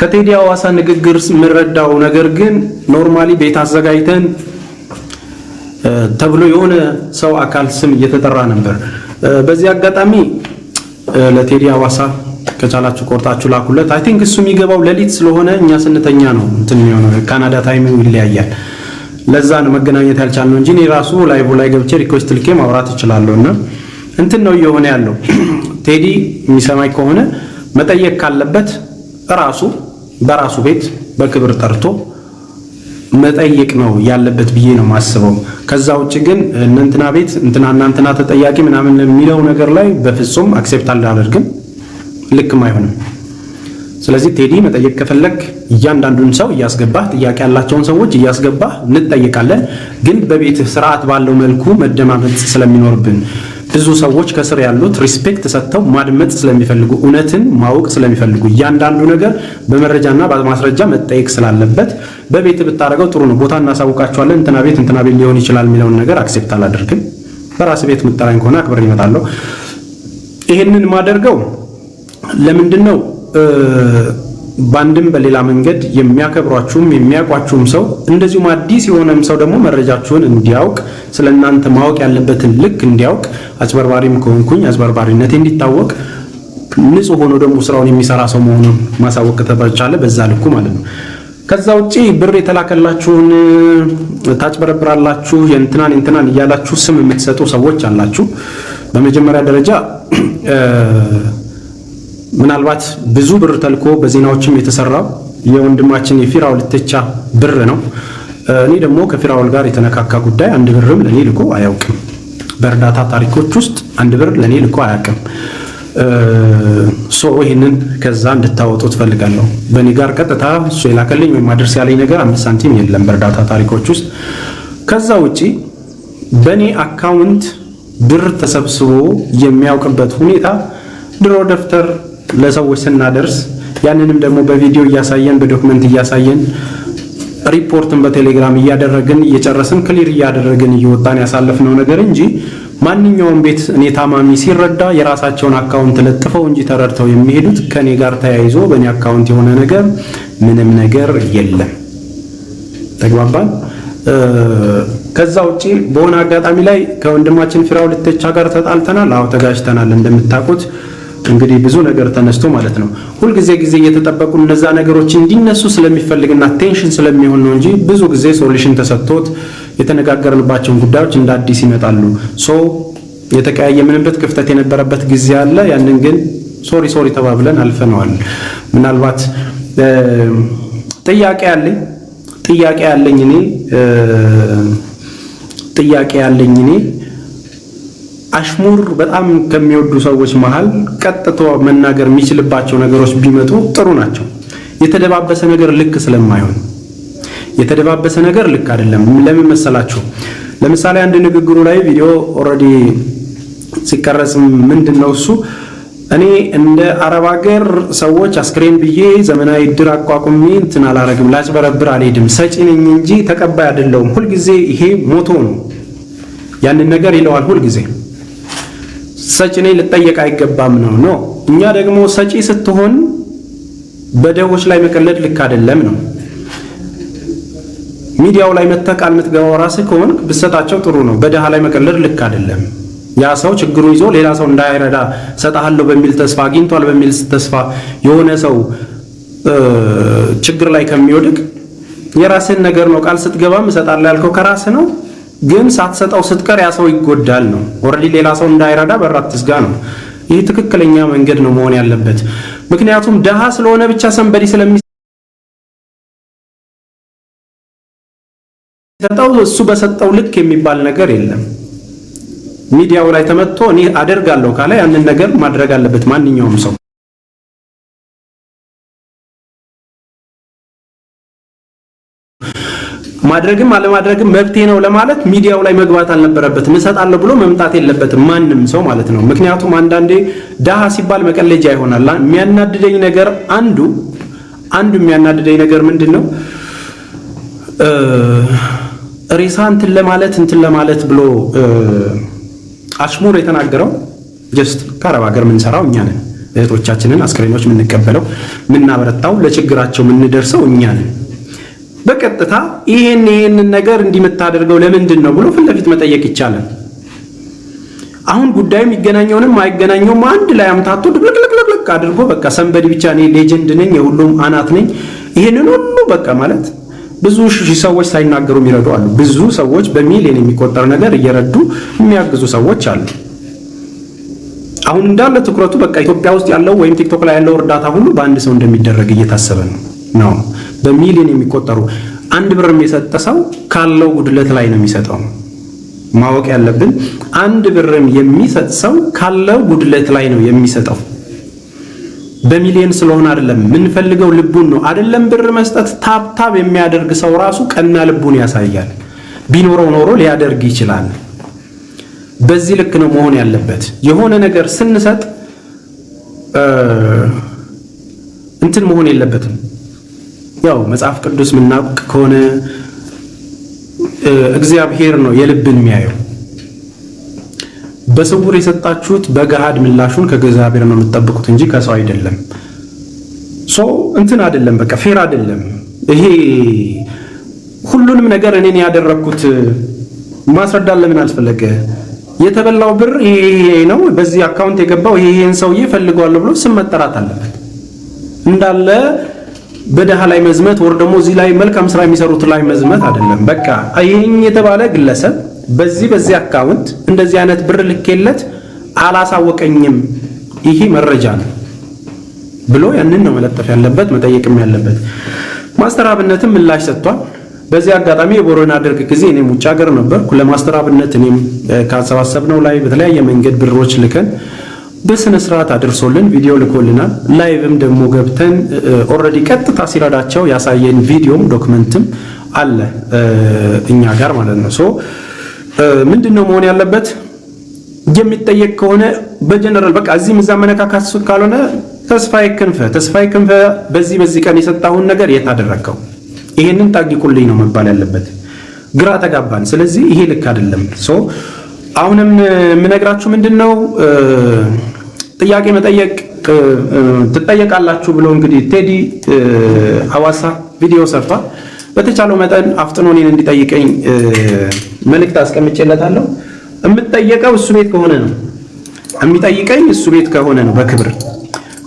ከቴዲ አዋሳ ንግግር የምረዳው ነገር ግን ኖርማሊ ቤት አዘጋጅተን ተብሎ የሆነ ሰው አካል ስም እየተጠራ ነበር። በዚህ አጋጣሚ ለቴዲ አዋሳ ከቻላችሁ ቆርጣችሁ ላኩለት። አይ ቲንክ እሱ የሚገባው ሌሊት ስለሆነ እኛ ስንተኛ ነው እንትን የሚሆነው ካናዳ ታይም ይለያያል። ለዛ ነው መገናኘት ያልቻልነው እንጂ እኔ ራሱ ላይቡ ላይ ገብቼ ሪኩዌስት ልኬ ማውራት እችላለሁ። እና እንትን ነው እየሆነ ያለው ቴዲ የሚሰማኝ ከሆነ መጠየቅ ካለበት ራሱ በራሱ ቤት በክብር ጠርቶ መጠየቅ ነው ያለበት ብዬ ነው ማስበው። ከዛ ውጭ ግን እንትና ቤት እንትና እናንትና ተጠያቂ ምናምን የሚለው ነገር ላይ በፍጹም አክሴፕት አላደርግም፣ ልክም አይሆንም። ስለዚህ ቴዲ መጠየቅ ከፈለክ እያንዳንዱን ሰው እያስገባህ ጥያቄ ያላቸውን ሰዎች እያስገባህ እንጠይቃለን። ግን በቤት ስርዓት ባለው መልኩ መደማመጥ ስለሚኖርብን ብዙ ሰዎች ከስር ያሉት ሪስፔክት ሰጥተው ማድመጥ ስለሚፈልጉ እውነትን ማወቅ ስለሚፈልጉ እያንዳንዱ ነገር በመረጃና በማስረጃ መጠየቅ ስላለበት በቤት ብታደርገው ጥሩ ነው። ቦታ እናሳውቃቸዋለን እንትና ቤት እንትና ቤት ሊሆን ይችላል የሚለውን ነገር አክሴፕት አላደርግም። በራስ ቤት ምጠራኝ ከሆነ አክብር ይመጣለሁ። ይሄንን ማደርገው ለምንድን ነው? በአንድም በሌላ መንገድ የሚያከብሯችሁም የሚያውቋችሁም ሰው እንደዚሁም አዲስ የሆነም ሰው ደግሞ መረጃችሁን እንዲያውቅ ስለ እናንተ ማወቅ ያለበትን ልክ እንዲያውቅ አጭበርባሪም ከሆንኩኝ አጭበርባሪነቴ እንዲታወቅ ንጹህ ሆኖ ደግሞ ስራውን የሚሰራ ሰው መሆኑን ማሳወቅ ከተቻለ በዛ ልኩ ማለት ነው። ከዛ ውጪ ብር የተላከላችሁን ታጭበረብራላችሁ፣ የእንትናን የእንትናን እያላችሁ ስም የምትሰጡ ሰዎች አላችሁ። በመጀመሪያ ደረጃ ምናልባት ብዙ ብር ተልኮ በዜናዎችም የተሰራው የወንድማችን የፊራውል ኢቴቻ ብር ነው። እኔ ደግሞ ከፊራውል ጋር የተነካካ ጉዳይ አንድ ብርም ለእኔ ልኮ አያውቅም። በእርዳታ ታሪኮች ውስጥ አንድ ብር ለእኔ ልኮ አያውቅም። ሶ ይህንን ከዛ እንድታወጡ ትፈልጋለሁ። በእኔ ጋር ቀጥታ እሱ የላከልኝ ወይም አድርስ ያለኝ ነገር አምስት ሳንቲም የለም በእርዳታ ታሪኮች ውስጥ። ከዛ ውጪ በእኔ አካውንት ብር ተሰብስቦ የሚያውቅበት ሁኔታ ድሮ ደብተር ለሰዎች ስናደርስ ያንንም ደግሞ በቪዲዮ እያሳየን በዶክመንት እያሳየን ሪፖርትን በቴሌግራም እያደረግን እየጨረስን ክሊር እያደረግን እየወጣን ያሳለፍነው ነገር እንጂ ማንኛውም ቤት እኔ ታማሚ ሲረዳ የራሳቸውን አካውንት ለጥፈው እንጂ ተረድተው የሚሄዱት ከኔ ጋር ተያይዞ በእኔ አካውንት የሆነ ነገር ምንም ነገር የለም። ተግባባን። ከዛ ውጪ በሆነ አጋጣሚ ላይ ከወንድማችን ፊራው ልተቻ ጋር ተጣልተናል። አዎ ተጋጅተናል እንደምታውቁት እንግዲህ ብዙ ነገር ተነስቶ ማለት ነው። ሁልጊዜ ጊዜ እየተጠበቁ እነዛ ነገሮች እንዲነሱ ስለሚፈልግና ቴንሽን ስለሚሆን ነው እንጂ ብዙ ጊዜ ሶሉሽን ተሰጥቶት የተነጋገርንባቸውን ጉዳዮች እንደ አዲስ ይመጣሉ። ሶ የተቀያየምንበት ክፍተት የነበረበት ጊዜ አለ። ያንን ግን ሶሪ ሶሪ ተባብለን አልፈነዋል። ምናልባት ጥያቄ አለኝ ጥያቄ አለኝ እኔ ጥያቄ አለኝ እኔ አሽሙር በጣም ከሚወዱ ሰዎች መሃል ቀጥቶ መናገር የሚችልባቸው ነገሮች ቢመጡ ጥሩ ናቸው። የተደባበሰ ነገር ልክ ስለማይሆን የተደባበሰ ነገር ልክ አይደለም። ለምን መሰላችሁ? ለምሳሌ አንድ ንግግሩ ላይ ቪዲዮ ኦልሬዲ ሲቀረጽም ምንድን ነው እሱ እኔ እንደ አረብ ሀገር ሰዎች አስክሬን ብዬ ዘመናዊ እድር አቋቁሜ እንትን አላረግም፣ ላጭበረብር አልሄድም፣ ሰጪ ነኝ እንጂ ተቀባይ አይደለሁም። ሁልጊዜ ይሄ ሞቶ ነው ያንን ነገር ይለዋል ሁልጊዜ ሰጪ ነኝ ልጠየቅ አይገባም ነው ነው። እኛ ደግሞ ሰጪ ስትሆን በደሆች ላይ መቀለድ ልክ አይደለም ነው። ሚዲያው ላይ መጥተህ የምትገባው ራስህ ከሆን ብሰጣቸው ጥሩ ነው። በደሃ ላይ መቀለድ ልክ አይደለም። ያ ሰው ችግሩ ይዞ ሌላ ሰው እንዳይረዳ ሰጣሃለሁ በሚል ተስፋ አግኝቷል በሚል ተስፋ የሆነ ሰው ችግር ላይ ከሚወድቅ የራስህን ነገር ነው ቃል ስትገባም እሰጣለሁ ያልከው ከራስህ ነው። ግን ሳትሰጠው ስትቀር ያ ሰው ይጎዳል ነው። ኦልሬዲ ሌላ ሰው እንዳይረዳ በር አትዝጋ ነው። ይህ ትክክለኛ መንገድ ነው መሆን ያለበት። ምክንያቱም ድሃ ስለሆነ ብቻ ሰንበዲ ስለሚሰጠው እሱ በሰጠው ልክ የሚባል ነገር የለም። ሚዲያው ላይ ተመጥቶ እኔ አደርጋለሁ ካለ ያንን ነገር ማድረግ አለበት ማንኛውም ሰው። ማድረግም አለማድረግም መብቴ ነው ለማለት ሚዲያው ላይ መግባት አልነበረበትም። እሰጣለሁ ብሎ መምጣት የለበትም ማንም ሰው ማለት ነው። ምክንያቱም አንዳንዴ ደሃ ሲባል መቀለጃ ይሆናል። የሚያናድደኝ ነገር አንዱ አንዱ የሚያናድደኝ ነገር ምንድን ነው ሬሳ እንትን ለማለት እንትን ለማለት ብሎ አሽሙር የተናገረው ጀስት ከአረብ ሀገር የምንሰራው እኛ ነን። እህቶቻችንን አስክሬኖች የምንቀበለው የምናበረታው፣ ለችግራቸው የምንደርሰው እኛ ነን። በቀጥታ ይሄን ይሄንን ነገር እንዲምታደርገው ለምንድን ነው ብሎ ፊት ለፊት መጠየቅ ይቻላል። አሁን ጉዳዩ የሚገናኘውንም አይገናኘውም አንድ ላይ አምታቶ ድብልቅልቅልቅ አድርጎ በቃ ሰንበዲ ብቻ እኔ ሌጀንድ ነኝ፣ የሁሉም አናት ነኝ፣ ይህንን ሁሉ በቃ ማለት ብዙ ሺህ ሰዎች ሳይናገሩ የሚረዱ አሉ። ብዙ ሰዎች በሚሊዮን የሚቆጠር ነገር እየረዱ የሚያግዙ ሰዎች አሉ። አሁን እንዳለ ትኩረቱ በቃ ኢትዮጵያ ውስጥ ያለው ወይም ቲክቶክ ላይ ያለው እርዳታ ሁሉ በአንድ ሰው እንደሚደረግ እየታሰበ ነው ነው በሚሊዮን የሚቆጠሩ አንድ ብርም የሰጠ ሰው ካለው ጉድለት ላይ ነው የሚሰጠው። ማወቅ ያለብን አንድ ብርም የሚሰጥ ሰው ካለው ጉድለት ላይ ነው የሚሰጠው። በሚሊዮን ስለሆነ አይደለም የምንፈልገው፣ ልቡን ነው አይደለም ብር መስጠት። ታብታብ የሚያደርግ ሰው ራሱ ቀና ልቡን ያሳያል። ቢኖረው ኖሮ ሊያደርግ ይችላል። በዚህ ልክ ነው መሆን ያለበት። የሆነ ነገር ስንሰጥ እንትን መሆን የለበትም ያው መጽሐፍ ቅዱስ የምናውቅ ከሆነ እግዚአብሔር ነው የልብን የሚያየው። በስውር የሰጣችሁት በገሃድ ምላሹን ከእግዚአብሔር ነው የምትጠብቁት እንጂ ከሰው አይደለም። ሶ እንትን አይደለም፣ በቃ ፌር አይደለም። ይሄ ሁሉንም ነገር እኔን ያደረግኩት ማስረዳት ለምን አልፈለገ? የተበላው ብር ይሄ ነው፣ በዚህ አካውንት የገባው ይሄን ሰውዬ ፈልገዋለሁ ብሎ ስም መጠራት አለበት እንዳለ በደሃ ላይ መዝመት ወር ደግሞ እዚህ ላይ መልካም ስራ የሚሰሩት ላይ መዝመት አይደለም። በቃ ይህኝ የተባለ ግለሰብ በዚህ በዚህ አካውንት እንደዚህ አይነት ብር ልኬለት አላሳወቀኝም፣ ይሄ መረጃ ነው ብሎ ያንን ነው መለጠፍ ያለበት መጠየቅም ያለበት። ማስተር አብነትም ምላሽ ሰጥቷል። በዚህ አጋጣሚ የቦረና ደርግ ጊዜ እኔም ውጭ ሀገር ነበርኩ። ለማስተር አብነት እኔም ካሰባሰብነው ላይ በተለያየ መንገድ ብሮች ልከን በስነ ስርዓት አድርሶልን ቪዲዮ ልኮልናል። ላይቭም ደግሞ ገብተን ኦልሬዲ ቀጥታ ሲረዳቸው ያሳየን ቪዲዮም ዶክመንትም አለ እኛ ጋር ማለት ነው። ሶ ምንድን ነው መሆን ያለበት የሚጠየቅ ከሆነ በጀነራል በቃ እዚህ ምዛ መነካካት ካልሆነ ተስፋዬ ክንፈ ተስፋዬ ክንፈ በዚህ በዚህ ቀን የሰጣሁን ነገር የት አደረግከው? ይሄንን ጠይቁልኝ ነው መባል ያለበት። ግራ ተጋባን። ስለዚህ ይሄ ልክ አይደለም። አሁንም የምነግራችሁ ምንድን ነው ጥያቄ መጠየቅ ትጠየቃላችሁ ብሎ እንግዲህ ቴዲ ሀዋሳ ቪዲዮ ሰርቷል። በተቻለው መጠን አፍጥኖ እኔን እንዲጠይቀኝ መልእክት አስቀምጬለታለሁ። የምጠየቀው እሱ ቤት ከሆነ ነው የሚጠይቀኝ እሱ ቤት ከሆነ ነው በክብር።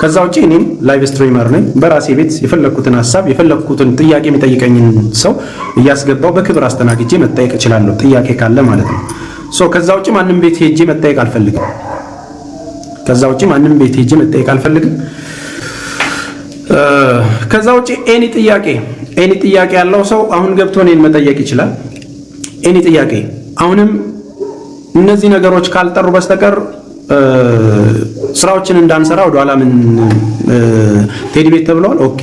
ከዛ ውጭ እኔም ላይቭ ስትሪመር ነኝ። በራሴ ቤት የፈለግኩትን ሀሳብ የፈለግኩትን ጥያቄ የሚጠይቀኝን ሰው እያስገባው በክብር አስተናግጄ መጠየቅ እችላለሁ፣ ጥያቄ ካለ ማለት ነው። ሶ ከዛ ውጭ ማንም ቤት ሄጄ መጠየቅ አልፈልግም። ከዛ ውጭ ማንም ቤት ሄጄ መጠየቅ አልፈልግም። ከዛ ውጪ ኤኒ ጥያቄ ኤኒ ጥያቄ ያለው ሰው አሁን ገብቶ እኔን መጠየቅ ይችላል። ኤኒ ጥያቄ አሁንም እነዚህ ነገሮች ካልጠሩ በስተቀር ስራዎችን እንዳንሰራ ወደ ምን ቴዲ ቤት ተብለዋል። ኦኬ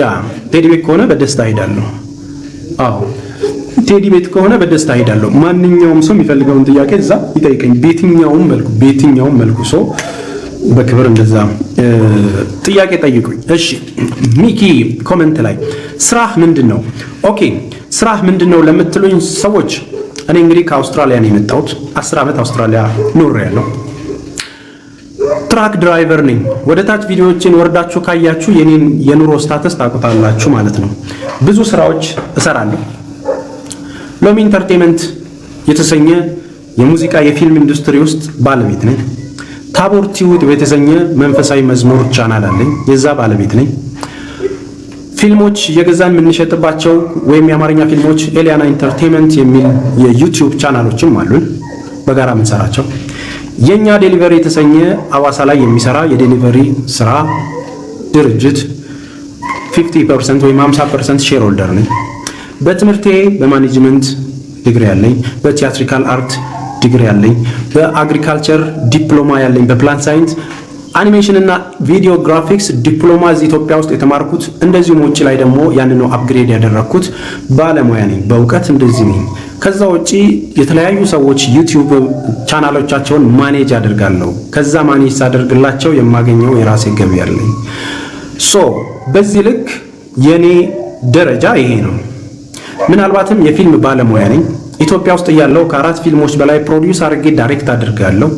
ያ ቴዲ ቤት ከሆነ በደስታ ሄዳለሁ። አዎ ቴዲ ቤት ከሆነ በደስታ ሄዳለሁ። ማንኛውም ሰው የሚፈልገውን ጥያቄ እዛ ይጠይቀኝ፣ በየትኛውም መልኩ በየትኛውም መልኩ ሰው በክብር እንደዛ ጥያቄ ጠይቁኝ። እሺ ሚኪ ኮመንት ላይ ስራህ ምንድን ነው? ኦኬ ስራህ ምንድን ነው ለምትሉኝ ሰዎች እኔ እንግዲህ ከአውስትራሊያ ነው የመጣሁት። አስር ዓመት አውስትራሊያ ያለው ትራክ ድራይቨር ነኝ። ወደ ታች ቪዲዮዎችን ወርዳችሁ ካያችሁ የኔን የኑሮ ስታተስ ታውቁታላችሁ ማለት ነው። ብዙ ስራዎች እሰራለሁ። ሎሚ ኢንተርቴንመንት የተሰኘ የሙዚቃ የፊልም ኢንዱስትሪ ውስጥ ባለቤት ነኝ። ታቦር ቲዩት የተሰኘ መንፈሳዊ መዝሙር ቻናል አለኝ፣ የዛ ባለቤት ነኝ። ፊልሞች የገዛን የምንሸጥባቸው ወይም የአማርኛ ፊልሞች ኤሊያና ኢንተርቴንመንት የሚል የዩቲዩብ ቻናሎችም አሉን በጋራ የምንሰራቸው። የእኛ ዴሊቨሪ የተሰኘ አዋሳ ላይ የሚሰራ የዴሊቨሪ ስራ ድርጅት 50 ፐርሰንት ወይም 50 ፐርሰንት ሼር ሆልደር ነኝ። በትምህርቴ በማኔጅመንት ዲግሪ ያለኝ፣ በቲያትሪካል አርት ዲግሪ ያለኝ፣ በአግሪካልቸር ዲፕሎማ ያለኝ፣ በፕላንት ሳይንስ አኒሜሽን እና ቪዲዮ ግራፊክስ ዲፕሎማ እዚህ ኢትዮጵያ ውስጥ የተማርኩት እንደዚሁም ውጭ ላይ ደግሞ ያንን ነው አፕግሬድ ያደረግኩት ባለሙያ ነኝ። በእውቀት እንደዚህ ነኝ። ከዛ ውጪ የተለያዩ ሰዎች ዩቲዩብ ቻናሎቻቸውን ማኔጅ አደርጋለሁ። ከዛ ማኔጅ ሳደርግላቸው የማገኘው የራሴ ገቢ አለኝ። ሶ በዚህ ልክ የኔ ደረጃ ይሄ ነው። ምናልባትም የፊልም ባለሙያ ነኝ። ኢትዮጵያ ውስጥ እያለሁ ከአራት ፊልሞች በላይ ፕሮዲውስ አድርጌ ዳይሬክት አድርጋለሁ።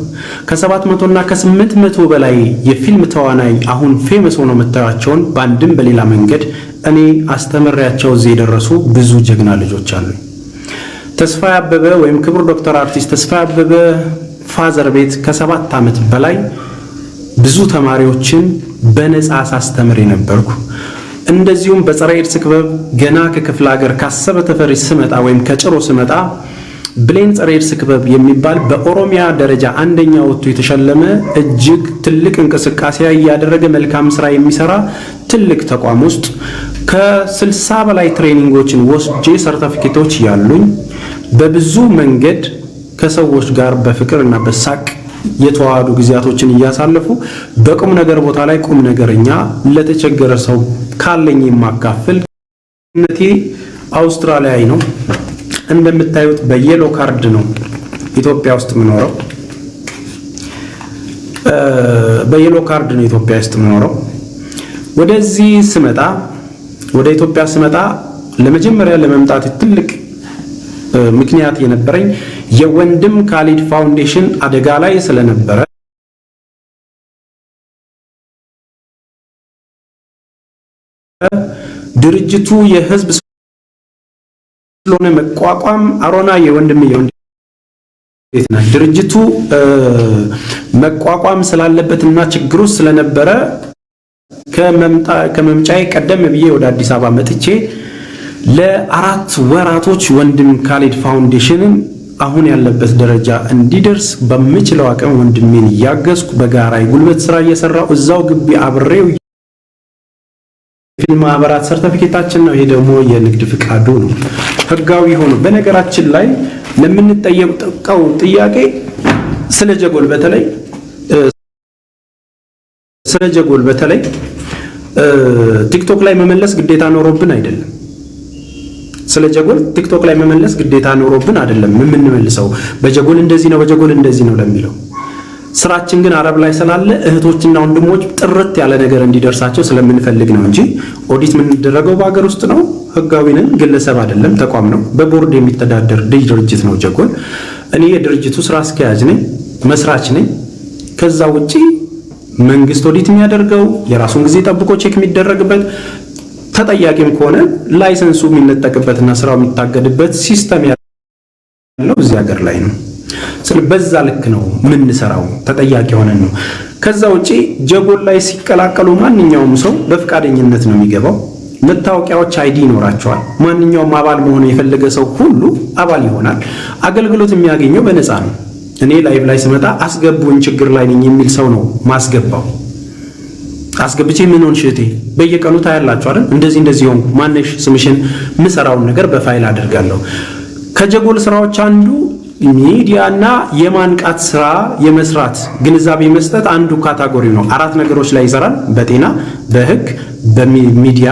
ከሰባት መቶ እና ከስምንት መቶ በላይ የፊልም ተዋናይ አሁን ፌመስ ሆኖ መታያቸውን በአንድም በሌላ መንገድ እኔ አስተምሬያቸው እዚህ የደረሱ ብዙ ጀግና ልጆች አሉ። ተስፋ አበበ ወይም ክቡር ዶክተር አርቲስት ተስፋ አበበ ፋዘር ቤት ከሰባት ዓመት በላይ ብዙ ተማሪዎችን በነፃ ሳስተምር የነበርኩ እንደዚሁም በፀረ ኤድስ ክበብ ገና ከክፍለ ሀገር ካሰበ ተፈሪ ስመጣ ወይም ከጭሮ ስመጣ ብሌን ፀረ ኤድስ ክበብ የሚባል በኦሮሚያ ደረጃ አንደኛ ወጥቶ የተሸለመ እጅግ ትልቅ እንቅስቃሴ እያደረገ መልካም ስራ የሚሰራ ትልቅ ተቋም ውስጥ ከስልሳ በላይ ትሬኒንጎችን ወስጄ ሰርተፊኬቶች ያሉኝ በብዙ መንገድ ከሰዎች ጋር በፍቅር እና በሳቅ የተዋሃዱ ጊዜያቶችን እያሳለፉ በቁም ነገር ቦታ ላይ ቁም ነገረኛ ለተቸገረ ሰው ካለኝ የማካፍል ነቴ አውስትራሊያዊ ነው። እንደምታዩት በየሎ ካርድ ነው ኢትዮጵያ ውስጥ የምኖረው። በየሎ ካርድ ነው ኢትዮጵያ ውስጥ የምኖረው። ወደዚህ ስመጣ ወደ ኢትዮጵያ ስመጣ ለመጀመሪያ ለመምጣት ትልቅ ምክንያት የነበረኝ የወንድም ካሊድ ፋውንዴሽን አደጋ ላይ ስለነበረ ድርጅቱ የህዝብ ስለሆነ መቋቋም አሮና የወንድም ድርጅቱ መቋቋም ስላለበትና ችግሩ ስለነበረ ከመምጫዬ ቀደም ብዬ ወደ አዲስ አበባ መጥቼ ለአራት ወራቶች ወንድም ካሊድ ፋውንዴሽንን አሁን ያለበት ደረጃ እንዲደርስ በምችለው አቅም ወንድሜን እያገዝኩ በጋራ የጉልበት ስራ እየሰራው እዛው ግቢ አብሬው ፊልም ማህበራት ሰርተፊኬታችን ነው። ይሄ ደግሞ የንግድ ፍቃዱ ነው፣ ህጋዊ ሆኖ። በነገራችን ላይ ለምንጠየቀው ጥያቄ ስለ ጀጎል በተለይ ስለ ጀጎል በተለይ ቲክቶክ ላይ መመለስ ግዴታ ኖሮብን አይደለም ስለ ጀጎል ቲክቶክ ላይ መመለስ ግዴታ ኑሮብን አይደለም የምንመልሰው። በጀጎል እንደዚህ ነው፣ በጀጎል እንደዚህ ነው ለሚለው ስራችን ግን አረብ ላይ ስላለ እህቶችና ወንድሞች ጥርት ያለ ነገር እንዲደርሳቸው ስለምንፈልግ ነው እንጂ ኦዲት የምንደረገው በሀገር ውስጥ ነው። ህጋዊንን ግለሰብ አይደለም፣ ተቋም ነው። በቦርድ የሚተዳደር ድርጅት ነው ጀጎል። እኔ የድርጅቱ ስራ አስኪያጅ ነኝ፣ መስራች ነኝ። ከዛ ውጪ መንግስት ኦዲት የሚያደርገው የራሱን ጊዜ ጠብቆ ቼክ የሚደረግበት ተጠያቂም ከሆነ ላይሰንሱ የሚነጠቅበትና ስራው የሚታገድበት ሲስተም ያለው እዚህ ሀገር ላይ ነው። ስለ በዛ ልክ ነው የምንሰራው፣ ተጠያቂ ሆነን ነው። ከዛ ውጪ ጀጎል ላይ ሲቀላቀሉ ማንኛውም ሰው በፍቃደኝነት ነው የሚገባው። መታወቂያዎች አይዲ ይኖራቸዋል። ማንኛውም አባል መሆን የፈለገ ሰው ሁሉ አባል ይሆናል። አገልግሎት የሚያገኘው በነፃ ነው። እኔ ላይቭ ላይ ስመጣ አስገቡን ችግር ላይ ነኝ የሚል ሰው ነው ማስገባው። አስገብቼ ምን ሆንሽ እህቴ በየቀኑ ታያላችሁ አይደል? እንደዚህ እንደዚህ ሆንኩ ማነሽ ስምሽን ምሰራውን ነገር በፋይል አድርጋለሁ ከጀጎል ስራዎች አንዱ ሚዲያና የማንቃት ስራ የመስራት ግንዛቤ መስጠት አንዱ ካታጎሪ ነው። አራት ነገሮች ላይ ይሰራል። በጤና፣ በህግ፣ በሚዲያ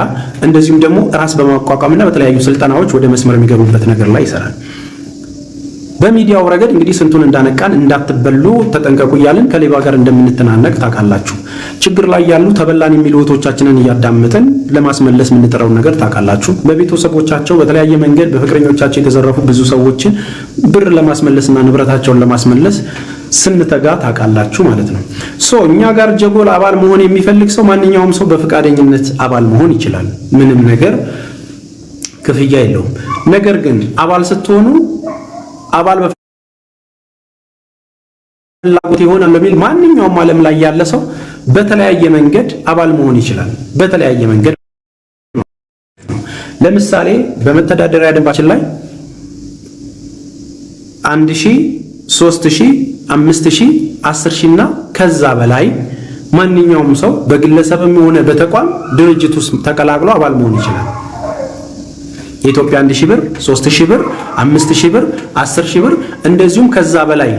እንደዚሁም ደግሞ ራስ በማቋቋምና በተለያዩ ስልጠናዎች ወደ መስመር የሚገቡበት ነገር ላይ ይሰራል። በሚዲያው ረገድ እንግዲህ ስንቱን እንዳነቃን እንዳትበሉ ተጠንቀቁ እያልን ከሌባ ጋር እንደምንተናነቅ ታውቃላችሁ። ችግር ላይ ያሉ ተበላን የሚሉ እህቶቻችንን እያዳመጥን ለማስመለስ የምንጥረው ነገር ታውቃላችሁ። በቤተሰቦቻቸው በተለያየ መንገድ በፍቅረኞቻቸው የተዘረፉ ብዙ ሰዎችን ብር ለማስመለስና ንብረታቸውን ለማስመለስ ስንተጋ ታውቃላችሁ ማለት ነው። ሶ እኛ ጋር ጀጎል አባል መሆን የሚፈልግ ሰው ማንኛውም ሰው በፈቃደኝነት አባል መሆን ይችላል። ምንም ነገር ክፍያ የለውም። ነገር ግን አባል ስትሆኑ አባል ፍላጎት ይሆናል በሚል ማንኛውም ዓለም ላይ ያለ ሰው በተለያየ መንገድ አባል መሆን ይችላል። በተለያየ መንገድ ለምሳሌ በመተዳደሪያ ደንባችን ላይ አንድ ሺህ ሶስት ሺህ አምስት ሺህ አስር ሺህ እና ከዛ በላይ ማንኛውም ሰው በግለሰብም ሆነ በተቋም ድርጅት ውስጥ ተቀላቅሎ አባል መሆን ይችላል። የኢትዮጵያ 1000 ብር፣ 3000 ብር፣ 5000 ብር፣ 10000 ብር እንደዚሁም ከዛ በላይ